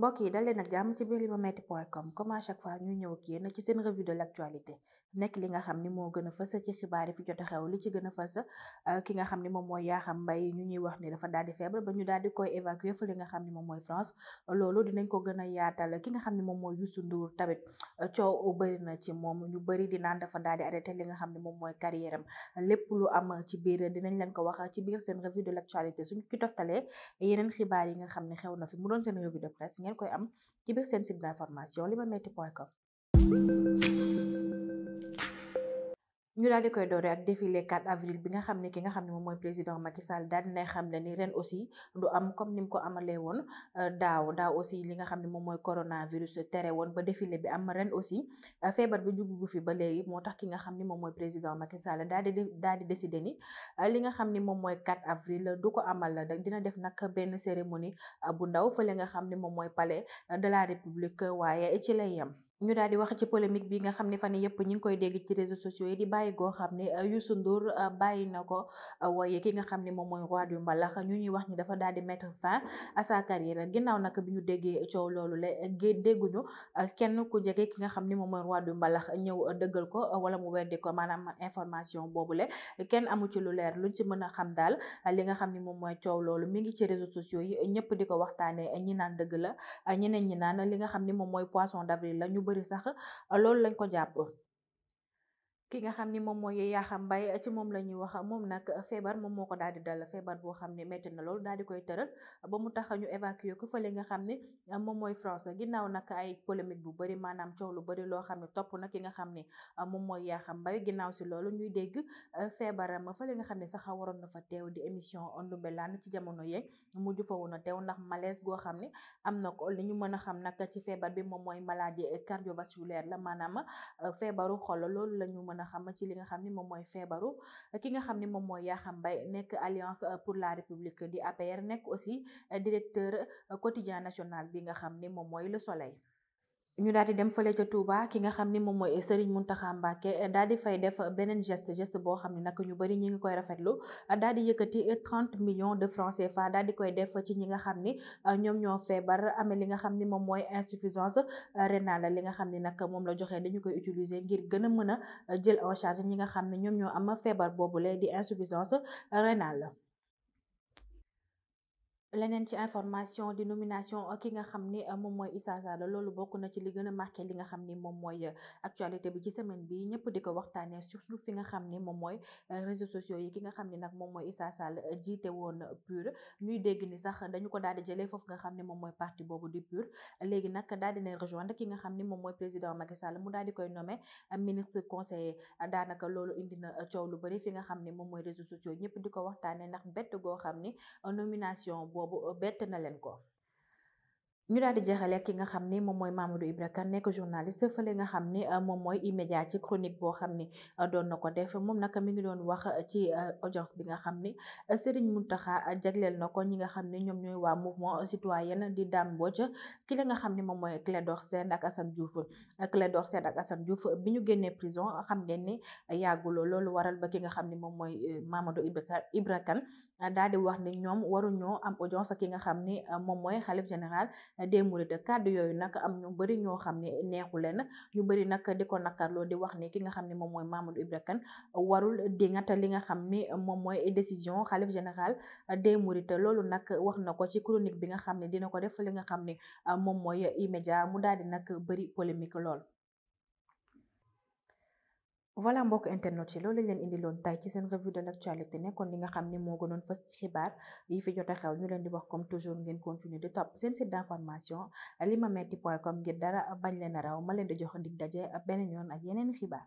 mbokk yi dal leen ak jàmm ci biir limametti point comme chaque fois ñu ñëw ak ci seen revue de l'actualité nekk li nga xam ni moo gën a fës ci xibaar yi a xew li ci gën euh, xam ni mooy Yaxam Mbaye ñu ñuy wax ni dafa daal di feebar ba ñu daal di koy évacuer fa li nga xam ni moom mooy France loolu dinañ ko gën a ki nga xam ni moom mooy Youssou Ndour tamit euh, coow bëri na ci moom ñu bari di naan dafa daal di arrêté li nga xam ni moom mooy carrière am lu am ci biir dinañ leen ko wax ci biir seen revue de l'actualité suñu ci toftalee yeneen xibaar yi nga xam ni xew na fi mu doon seen revue de presse ngeen koy am ci biir seen site d'information limametti point com ñu daal di koy doore ak défilé 4 avril bi nga xam ne ki nga xam ne moom mooy président Macky Sall daal dinay xam ne ni ren aussi du am comme ni mu ko amalee woon euh, daaw daaw aussi li nga xam ne moom mooy coronavirus tere woon ba défilé bi am ren aussi euh, feebar bi jugugu fi ba léegi moo tax ki nga xam ne moom mooy président Macky Sall daal di daal di décidé ni euh, li nga xam ni moom mooy 4 avril du ko amal dina def nag benn cérémonie bu ndaw fële nga xam ne moom mooy palais de la République waaye ci lay yem ñu daal di wax ci polémique bi nga xam ne fan yëpp ñu ngi koy dégg ci réseaux sociaux yi di bàyyi xam ne euh, Youssou Ndour euh, bàyyi na ko euh, waaye ki nga xam ne moom mooy yu du mbalax ñu ñuy wax ni dafa daal di mettre fin à sa carrière ginnaaw nag bi ñu déggee coow loolu la dégguñu kenn ku jege ki nga xam ni moom mooy roi du mbalax ñëw dëggal ko wala mu weddi ko maanaam information boobu le kenn amu ci lu leer lu ci mën a xam daal li nga xam ni moom mooy coow loolu mi ngi ci réseaux sociaux yi ñëpp di ko waxtaanee ñi naan dëgg la ñeneen ñi naan li nga xam ne moom mooy poisson d'avril la bëri sax lol lañ ko jàpp ki nga xamni mom moy mooy xam mbay ci mom lañuy febar, wax moom nag eh, ko di dal febar bo xamni metti na lol daal di koy teural ba mu tax ñu évacuer ko fele nga xamni eh, mom moy France ginnaw nak ay polémique bu bari manam ciow lu bari lo xamni top topp na ki nga xamni eh, mom moy mooy xam mbay ginnaw ci lolou ñuy dégg ma fele nga xamni saxa waron na fa tew di émission ndumbelaan ci jamono ye mu jufa wona tew nak malaise go xamni amna ko li ñu xam nak ci febar bi mom moy maladie cardiovasculaire la manam febaru xol lolou lañu mën a xam ci li nga xam ni moom mooy feebaru ki nga xam ni moom mooy Yaxam Bay nekk alliance euh, pour la république di APR nekk aussi euh, directeur euh, quotidien national bi nga xam ni moom mooy le soleil ñu daal di dem fële ca Touba ki nga xam ni moom mooy Serigne Mountakha Mbacké daal di fay def beneen geste geste boo xam ne nak ñu bëri ñi ngi koy rafetlu daal di yëkkati trente millions de francs CFA daal di koy def ci ñi nga xam ni euh, ñoom ñoo feebar amee li nga xam ni moom mooy insuffisance euh, rénale li nga xam ni nag moom la joxee dañu koy utiliser ngir gën a mën a euh, jël en charge ñi nga xam ne ñoom ñoo am feebar boobule di insuffisance rénale leneen ci information di nomination ki nga xam euh, mom moy Issa Sall loolu bokku na ci li gëna marqué li nga xam mom moy euh, actualité bi ci semaine bi ñëpp diko waxtané waxtaanee surtout fi nga xam mom moy euh, réseaux sociaux yi ki nga xam nak mom moy Issa Sall jité won pure ñuy dégg ni sax dañu ko daal di jëlee foofu nga xam mom moy parti bobu di pure légui nak daal di na rejoindre ki nga xam mom moy président Macky Sall mu daal di koy nommé ministre conseiller danaka loolu indi na ciow lu bari fi nga xam mom moy réseaux sociaux ñëpp diko waxtané nak ndax go goo nomination boobu bett na leen ko ñu daal di jeexale ki nga xam ni moom mooy Mamadou Ibra Kane nekk journaliste fële nga xam ni euh, moom mooy immédiat ci chronique boo xam ni euh, doon na ko def moom nag mi ngi doon wax euh, ci audience bi nga xam ni Serigne Mountakha jagleel na ko ñi nga xam ni ñoom ñooy waa mouvement citoyen di Dame Mbodj ki la nga xam ni moom mooy Clédor Sène ak Assane Diouf Clédor Sène ak Assane Diouf bi ñu génnee prison xam ngeen ni yàggul loolu waral ba ki nga xam ni moom mooy Mamadou Ibra Kane daal di wax ni ñoom waruñoo am audience ki nga xam ni moom mooy xalif général démouride kàddu yooyu nag am ñu bëri ñoo xam ne neexu leen ñu bëri nag di ko nakarloo di wax ni ki nga xam ne moom mooy Mamadou Ibra Kane warul di ngata li nga xam ni moom mooy décision xalif général des mourides loolu nag wax na ko ci chronique bi nga xam ne dina ko def li nga xam ne moom mooy immédiat mu daal di nag bëri polémique lool voilà mbokk internet yi loolu lañ leen indiloon tay ci seen revue de l'actualité nekkoon li nga xam ne moo gënoon fës ci xibaar yi fi jot a xew leen di comme toujours ngeen continuer di topp seen site d'information limametti point com ngir dara bañ leen a raw ma leen di jox dig daje beneen yoon ak yeneen xibaar